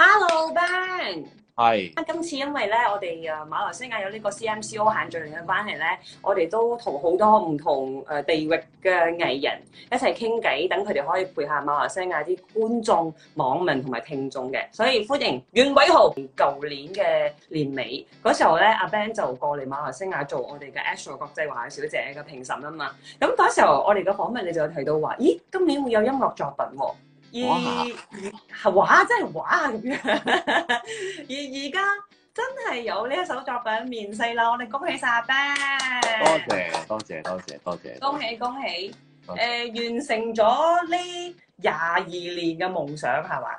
Hello Ben，係。今次因為咧，我哋啊馬來西亞有呢個 CMCO 限聚令嘅關係咧，我哋都同好多唔同誒地域嘅藝人一齊傾偈，等佢哋可以配合馬來西亞啲觀眾、網民同埋聽眾嘅。所以歡迎袁偉豪。舊年嘅年尾嗰時候咧，阿、啊、Ben 就過嚟馬來西亞做我哋嘅 Astro 國際華裔小姐嘅評審啊嘛。咁嗰時候我哋嘅訪問你就有提到話，咦，今年會有音樂作品喎？而而話真係話咁樣，而而家真係有呢一首作品面世啦！我哋恭喜晒曬啦！多謝多謝多謝多謝！恭喜恭喜！誒、呃、完成咗呢廿二年嘅夢想係嘛？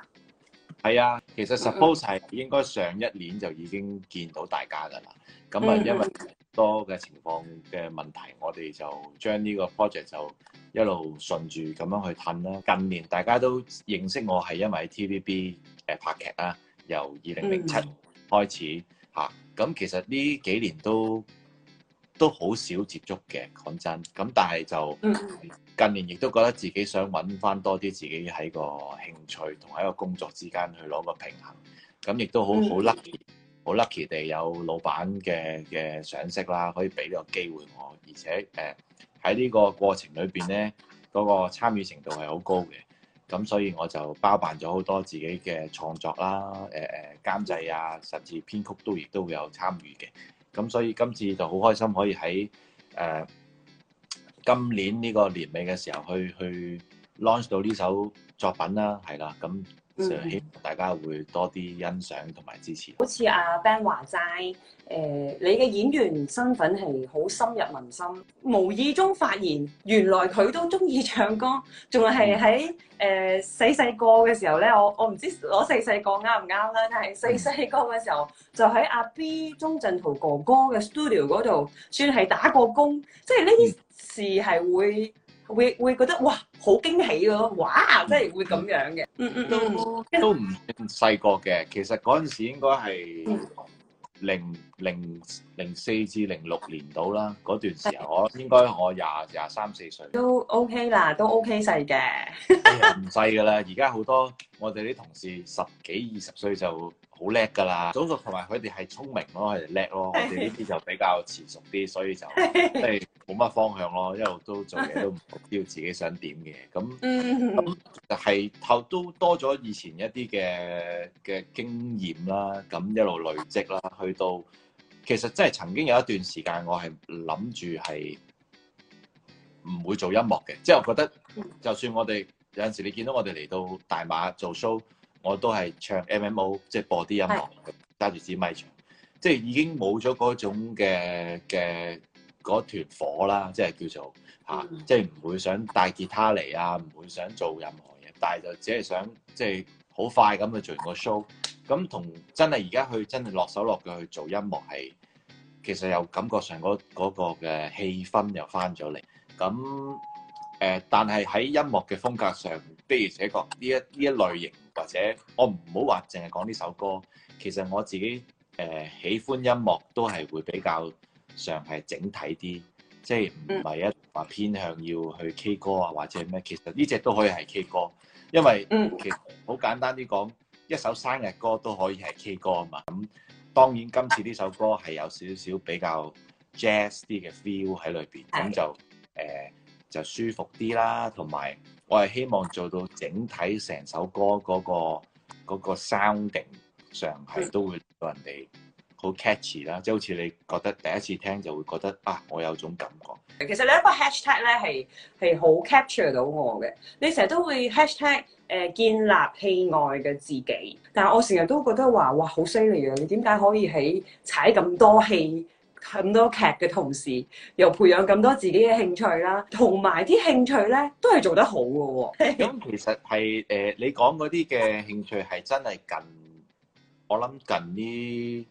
係啊，其實 suppose 係應該上一年就已經見到大家噶啦。咁啊、嗯，因為多嘅情況嘅問題，我哋就將呢個 project 就。一路順住咁樣去褪啦。近年大家都認識我係因為喺 TVB 誒、呃、拍劇啦，由二零零七開始嚇。咁、啊、其實呢幾年都都好少接觸嘅，講真。咁但係就、嗯、近年亦都覺得自己想揾翻多啲自己喺個興趣同喺一個工作之間去攞個平衡。咁亦都好好難。嗯好 lucky 地有老闆嘅嘅賞識啦，可以俾呢個機會我，而且誒喺呢個過程裏邊咧，嗰、那個參與程度係好高嘅，咁所以我就包辦咗好多自己嘅創作啦，誒、呃、誒監製啊，甚至編曲都亦都會有參與嘅，咁所以今次就好開心可以喺誒、呃、今年呢個年尾嘅時候去去 launch 到呢首作品啦，係啦，咁。嗯、希望大家會多啲欣賞同埋支持。好似阿、啊、Ben 話齋，誒、呃，你嘅演員身份係好深入民心，無意中發現原來佢都中意唱歌，仲係喺誒細細個嘅時候咧，我我唔知攞細細個啱唔啱啦，但係細細個嘅時候，嗯、就喺阿 B 鍾鎮濤哥哥嘅 studio 嗰度，算係打過工，即係呢啲事係會。嗯會會覺得哇好驚喜咯，哇真係會咁樣嘅，嗯嗯，嗯都都唔細個嘅，其實嗰陣時應該係零零零四至零六年到啦，嗰段時候我、嗯、我應該我廿廿三四歲都、OK，都 OK 啦，都 OK 細嘅，唔細㗎啦，而家好多我哋啲同事十幾二十歲就好叻㗎啦，早熟同埋佢哋係聰明咯，佢哋叻咯，我哋呢啲就比較遲熟啲，所以就即係。 冇乜方向咯，一路都做嘢都唔知道自己想點嘅，咁咁就係頭都多咗以前一啲嘅嘅經驗啦，咁一路累積啦，去到其實真係曾經有一段時間，我係諗住係唔會做音樂嘅，即、就、之、是、我覺得就算我哋、mm hmm. 有陣時你見到我哋嚟到大馬做 show，我都係唱 M、MM、M O，即係播啲音樂，揸住、mm hmm. 支咪唱，即、就、係、是、已經冇咗嗰種嘅嘅。嗰團火啦，即係叫做嚇，mm hmm. 即係唔會想帶吉他嚟啊，唔會想做任何嘢，但係就只係想即係好快咁去做完個 show。咁同真係而家去真係落手落腳去做音樂係，其實又感覺上嗰、嗰個嘅、嗰個、氣氛又翻咗嚟。咁誒、呃，但係喺音樂嘅風格上，的而且確呢一呢一類型，或者我唔好話淨係講呢首歌，其實我自己誒、呃、喜歡音樂都係會比較。上係整體啲，即係唔係一話偏向要去 K 歌啊，或者咩？其實呢隻都可以係 K 歌，因為其實好簡單啲講，一首生日歌都可以係 K 歌啊嘛。咁、嗯、當然今次呢首歌係有少少比較 jazz 啲嘅 feel 喺裏邊，咁是的 就誒、呃、就舒服啲啦。同埋我係希望做到整體成首歌嗰、嗰個嗰、嗰個 sounding 上係都會令到人哋。好 catchy 啦，y, 即係好似你覺得第一次聽就會覺得啊，我有種感覺。其實你一個 hashtag 咧係係好 capture 到我嘅。你成日都會 hashtag 誒、呃、建立戲外嘅自己，但係我成日都覺得話哇好犀利啊！你點解可以喺踩咁多戲、咁多劇嘅同時，又培養咁多自己嘅興趣啦？同埋啲興趣咧都係做得好嘅喎。咁 其實係誒、呃，你講嗰啲嘅興趣係真係近我諗近啲，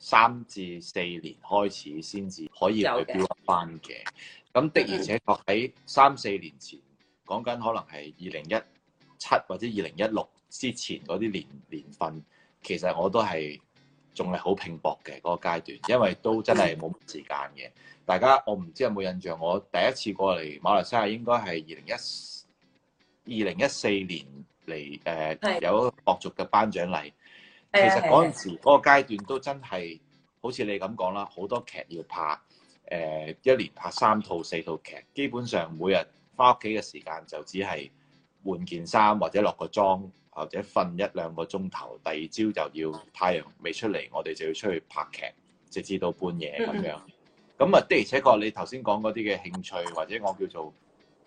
三至四年開始先至可以去 build 翻嘅，咁的而且確喺三四年前，講緊可能係二零一七或者二零一六之前嗰啲年年份，其實我都係仲係好拼搏嘅嗰、嗰個階段，因為都真係冇時間嘅。 大家我唔知有冇印象，我第一次過嚟馬來西亞應該係二零一二零一四年嚟，誒、呃、有一個角逐嘅頒獎禮。其實嗰陣時嗰個階段都真係好似你咁講啦，好多劇要拍，誒一年拍三套四套劇，基本上每日返屋企嘅時間就只係換件衫或者落個妝，或者瞓一兩個鐘頭，第二朝就要太陽未出嚟，我哋就要出去拍劇，直至到半夜咁樣。咁啊、嗯嗯、的而且確，你頭先講嗰啲嘅興趣或者我叫做，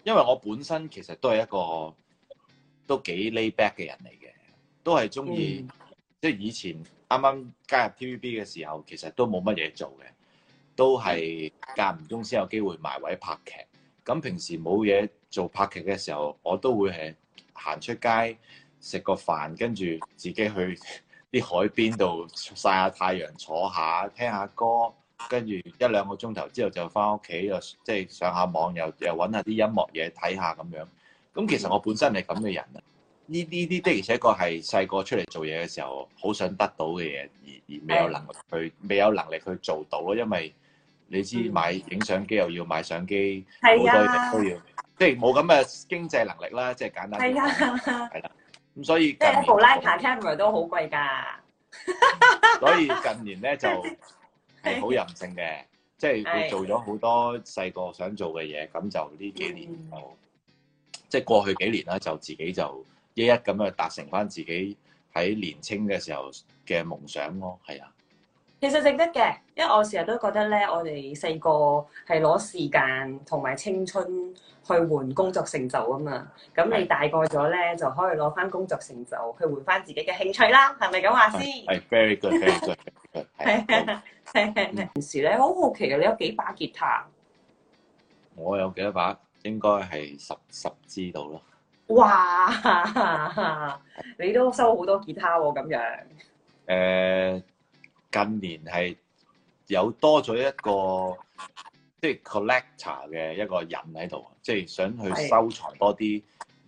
因為我本身其實都係一個都幾 laid back 嘅人嚟嘅，都係中意。即係以前啱啱加入 TVB 嘅時候，其實都冇乜嘢做嘅，都係間唔中先有機會埋位拍劇。咁平時冇嘢做拍劇嘅時候，我都會係行出街食個飯，跟住自己去啲海邊度曬下太陽，坐下聽下歌，跟住一兩個鐘頭之後就翻屋企，又即係上下網，又又揾下啲音樂嘢睇下咁樣。咁其實我本身係咁嘅人啊。呢啲啲的，而且確係細個出嚟做嘢嘅時候，好想得到嘅嘢，而而未有能力去未有能力去做到咯，因為你知，買影相機又要買相機，好多嘢都要，即係冇咁嘅經濟能力啦，即係簡單，係啦。咁所以即係 Leica camera 都好貴㗎。所以近年咧就係好任性嘅，即係會做咗好多細個想做嘅嘢，咁就呢幾年就即係過去幾年啦，就自己就。一一咁樣達成翻自己喺年青嘅時候嘅夢想咯，係啊，其實值得嘅，因為我成日都覺得咧，我哋細個係攞時間同埋青春去換工作成就啊嘛，咁你大個咗咧就可以攞翻工作成就去換翻自己嘅興趣啦，係咪咁話先？係 very good，very good。係係係。平時咧，好好奇啊，你有幾把吉他？我有幾多把？應該係十十支度咯。哇！你都收好多吉他喎、哦，咁樣。誒，近年係有多咗一個即係 collector 嘅一個人喺度，即係想去收藏多啲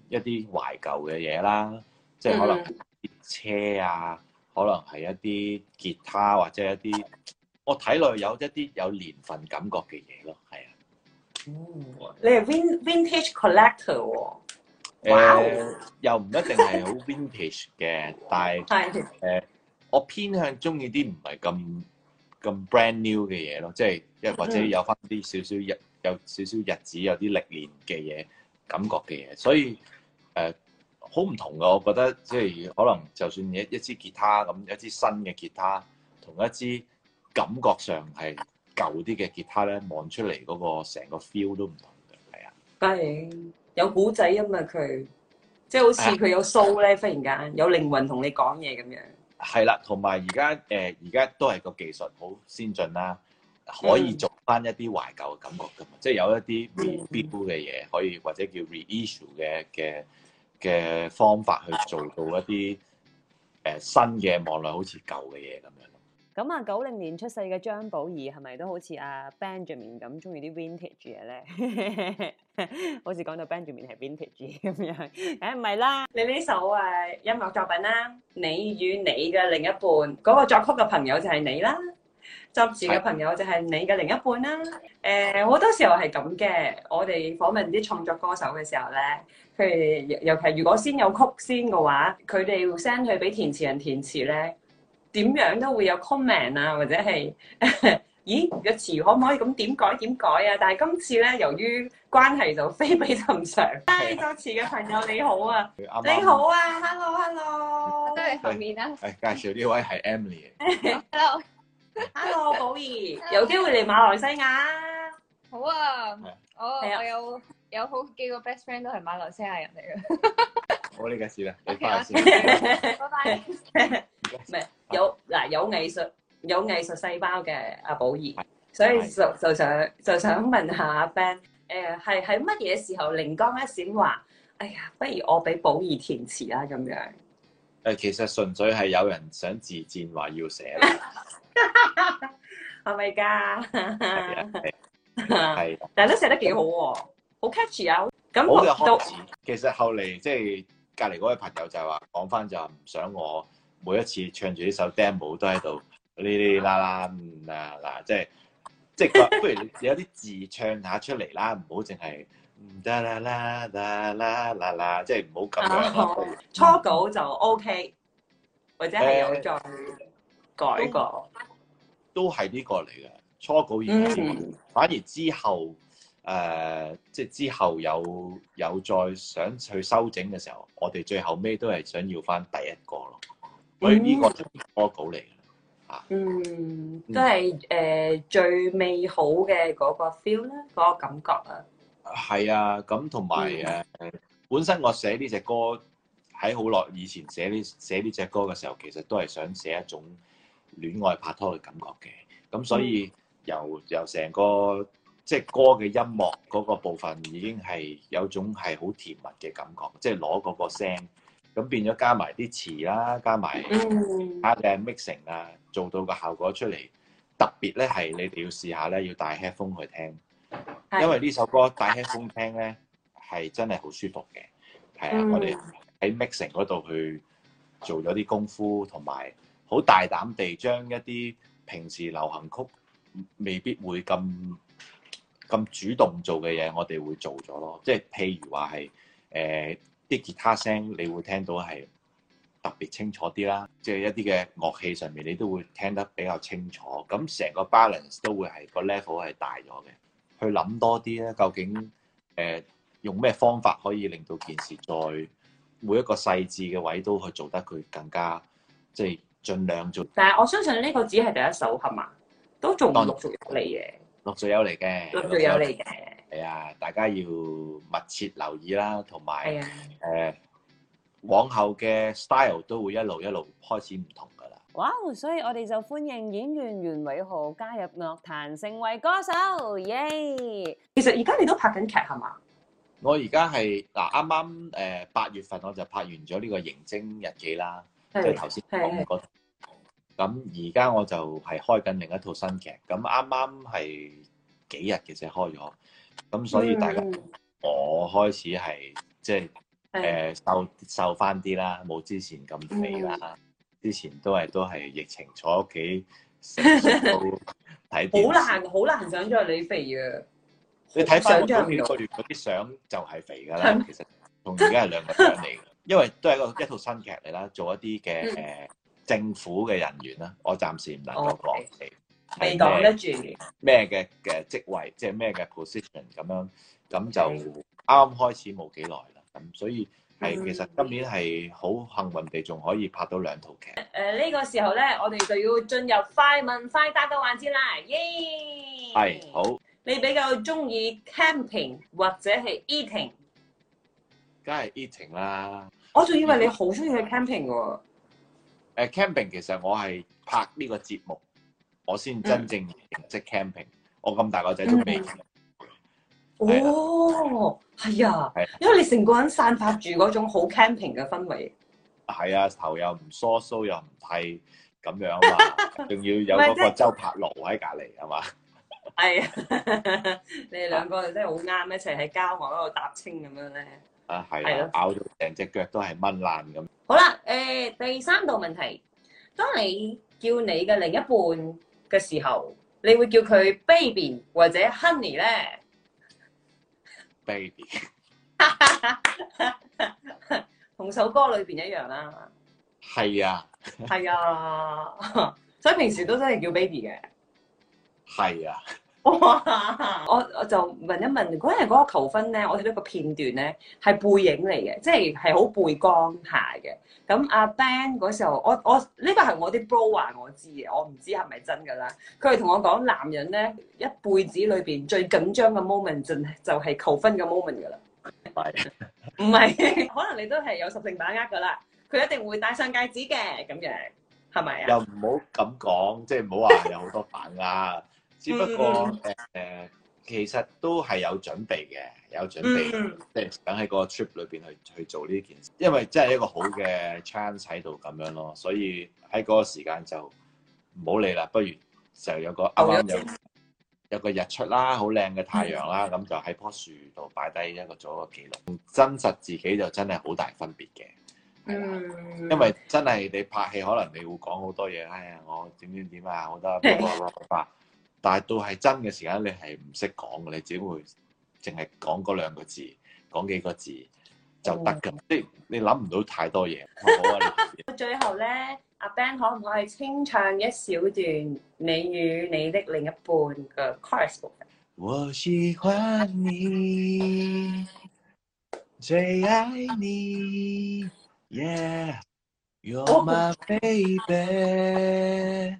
一啲是懷舊嘅嘢啦。即係可能啲車啊，嗯、可能係一啲吉他或者一啲我睇落有一啲有年份感覺嘅嘢咯，係啊。嗯、你係 vintage collector 喎、哦。誒 Wow.、呃、又唔一定係好 vintage 嘅， 但係誒、 呃、我偏向中意啲唔係咁咁 brand new 嘅嘢咯，即係一或者有翻啲少少日有少少日子有啲歷練嘅嘢感覺嘅嘢，所以誒好唔同噶，我覺得即係可能就算一一支吉他咁一支新嘅吉他，同一支感覺上係舊啲嘅吉他咧，望出嚟嗰、那個成個 feel 都唔同嘅，係啊，歡迎。有古仔啊嘛佢。即係好似佢有 soul 咧，啊、忽然間有靈魂同你講嘢咁樣，係啦，同埋而家誒而家都係個技術好先進啦，可以做翻一啲懷舊嘅感覺噶嘛，即係、嗯、有一啲 rebuild 嘅嘢，嗯、可以或者叫 reissue 嘅嘅嘅方法去做到一啲誒、呃、新嘅望落，好似舊嘅嘢咁樣。咁啊、， 哎、啊，九零年出世嘅張寶儀係咪都好似阿 Benjamin 咁中意啲 Vintage 嘢咧？好似講到 Benjamin 係 Vintage 咁樣，誒唔係啦。你呢首誒音樂作品啦、啊，你與你嘅另一半，嗰、那個作曲嘅朋友就係你啦，作詞嘅朋友就係你嘅另一半啦、啊。誒、呃、好多時候係咁嘅，我哋訪問啲創作歌手嘅時候咧，佢哋尤其如果先有曲先嘅話，佢哋會 send 去俾填詞人填詞咧。點樣都會有 comment 啊，或者係咦個詞可唔可以咁點改點改啊？但係今次咧，由於關係就非比尋常。係作詞嘅朋友，你好啊，你好啊，hello hello，都係後面啦。誒，介紹呢位係 Emily。Hello，Hello 寶儀，有機會嚟馬來西亞？好啊，我我有有好幾個 best friend 都係馬來西亞人嚟嘅。我呢個算啦，你翻去先。拜拜。咩？有嗱，有藝術有藝術細胞嘅阿寶儀，所以就就想就想問下阿 Ben，誒係喺乜嘢時候靈光一閃話，哎呀，不如我俾寶儀填詞啦咁樣。誒、呃，其實純粹係有人想自薦話要寫啦。係咪㗎？係，但係都寫得幾好喎，好 catchy 啊！咁我都其實後嚟即係隔離嗰位朋友就係話講返就唔想我。每一次唱住呢首 demo 都喺度呢啲啦啦啦嗱，即係即係不如有啲字唱下出嚟啦，唔好淨係啦啦啦啦啦啦，即係唔、 啊、好咁樣。初稿就 O、OK, K，或者係有再改過、嗯嗯嗯、都係呢個嚟嘅初稿已經。反而之後誒，即、呃、係、就是、之後有有再想去修整嘅時候，我哋最後尾都係想要翻第一個咯。佢呢個歌稿嚟嘅，嚇，嗯，都係是誒、呃、最美好嘅嗰個 feel 咧，嗰個感覺啊，係啊，咁同埋誒，本身我寫呢隻歌喺好耐以前，寫呢寫呢隻歌嘅時候，其實都係想寫一種戀愛拍拖嘅感覺嘅，咁所以由、嗯、由成個即係、就是、歌嘅音樂嗰個部分已經係有種係好甜蜜嘅感覺，即係攞嗰個聲。咁變咗加埋啲詞啦，加埋啊嘅 mixing 啊，做到個效果出嚟。特別咧係你哋要試下咧，要戴 headphone 去聽，因為呢首歌戴 headphone 聽咧係真係好舒服嘅。係啊，我哋喺 mixing 嗰度去做咗啲功夫，同埋好大膽地將一啲平時流行曲未必會咁咁主動做嘅嘢，我哋會做咗咯。即係譬如話係誒。啲吉他聲你會聽到係特別清楚啲啦，即係一啲嘅樂器上面你都會聽得比較清楚，咁成個 balance 都會係個 level 係大咗嘅。去諗多啲咧，究竟誒用咩方法可以令到件事再每一個細緻嘅位都去做得佢更加即係盡量做。但係我相信呢個只係第一首係嘛，都仲陸續有嚟嘅，陸續有嚟嘅，陸續有嚟嘅。係啊！大家要密切留意啦，同埋誒往後嘅 style 都會一路一路開始唔同噶啦。哇！Wow, 所以我哋就歡迎演員袁偉豪加入樂壇，成為歌手。耶、yeah!！其實而家你都拍緊劇係嘛？我而家係嗱啱啱誒八月份我就拍完咗呢個《刑偵日記》啦，即係頭先講過。咁而家我就係開緊另一套新劇，咁啱啱係幾日嘅啫，開咗。咁、嗯、所以大家我開始係即係誒瘦瘦翻啲啦，冇之前咁肥啦。嗯、之前都係都係疫情坐屋企食食睇，好 難好難想象你肥啊！你睇返我哋嗰啲相就係肥㗎啦。嗎其實同而家係兩個相嚟，因為都係一個一套新劇嚟啦。做一啲嘅誒政府嘅人員啦，我暫時唔能夠講係咩？咩嘅嘅職位，即係咩嘅 position 咁樣，咁就啱開始冇幾耐啦。咁所以係其實今年係好幸運地仲可以拍到兩套劇。誒呢、嗯呃呢個時候咧，我哋就要進入快問快答嘅環節啦。耶！係好。你比較中意 camping 或者係 eating？梗係 eating 啦。我仲以為你好中意去 camping 㗎喎。嗯啊、camping 其實我係拍呢個節目。我先真正識 camping。我咁大個仔做咩？哦，係啊，因為你成個人散發住嗰種好 camping 嘅氛圍。係啊，頭又唔梳梳，又唔剃，咁樣嘛，仲要有嗰個周柏豪喺隔離係嘛？係 啊，你哋兩個真係好啱一齊喺郊外嗰度搭青咁樣咧。啊，係啊，咬咗成隻腳都係蚊爛咁。嗯、 好啦，誒、呃、第三道問題，當你叫你嘅另一半嘅時候，你會叫佢 baby 或者 honey 咧？baby，同首歌裏邊一樣啦。係啊，係啊，所以平時都真係叫 baby 嘅。係啊。我 我就問一問嗰日嗰個求婚咧，我哋呢個片段咧係背影嚟嘅，即係係好背光下嘅。咁阿 Ben 嗰時候，我我呢個係我啲 bro 話我知嘅，我唔知係咪真噶啦。佢係同我講，男人咧一輩子裏邊最緊張嘅 moment 就就係求婚嘅 moment 噶啦。唔係， 可能你都係有十成把握噶啦。佢一定會戴上戒指嘅咁樣，係咪啊？又唔好咁講，即係唔好話有好多把握。 只不過誒、呃，其實都係有準備嘅，有準備，嗯、即係想喺個 trip 裏邊去去做呢件事，因為真係一個好嘅 chance 喺度咁樣咯，所以喺嗰個時間就唔好理啦，不如就有個啱啱有、嗯、有個日出啦，好靚嘅太陽啦，咁、嗯、就喺棵樹度擺低一個做一個記錄，真實自己就真係好大分別嘅，係啦，嗯、因為真係你拍戲可能你會講好多嘢，哎呀我點點點啊好多。但係到係真嘅時間，你係唔識講嘅，你只會淨係講嗰兩個字，講幾個字就得㗎。嗯、即係你諗唔到太多嘢。 最後咧，阿 Ben 可唔可以清唱一小段你與你的另一半嘅 chorus？我喜歡你，最愛你，Yeah，You're my baby。Oh.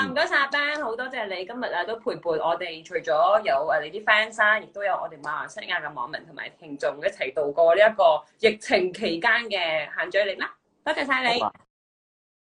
唔該曬阿 Ben，好多謝你今日啊都陪伴我哋，除咗有我哋啲 fans 啦，亦都有我哋馬來西亞嘅網民同埋聽眾一齊度過呢一個疫情期間嘅限聚令啦，多謝晒你。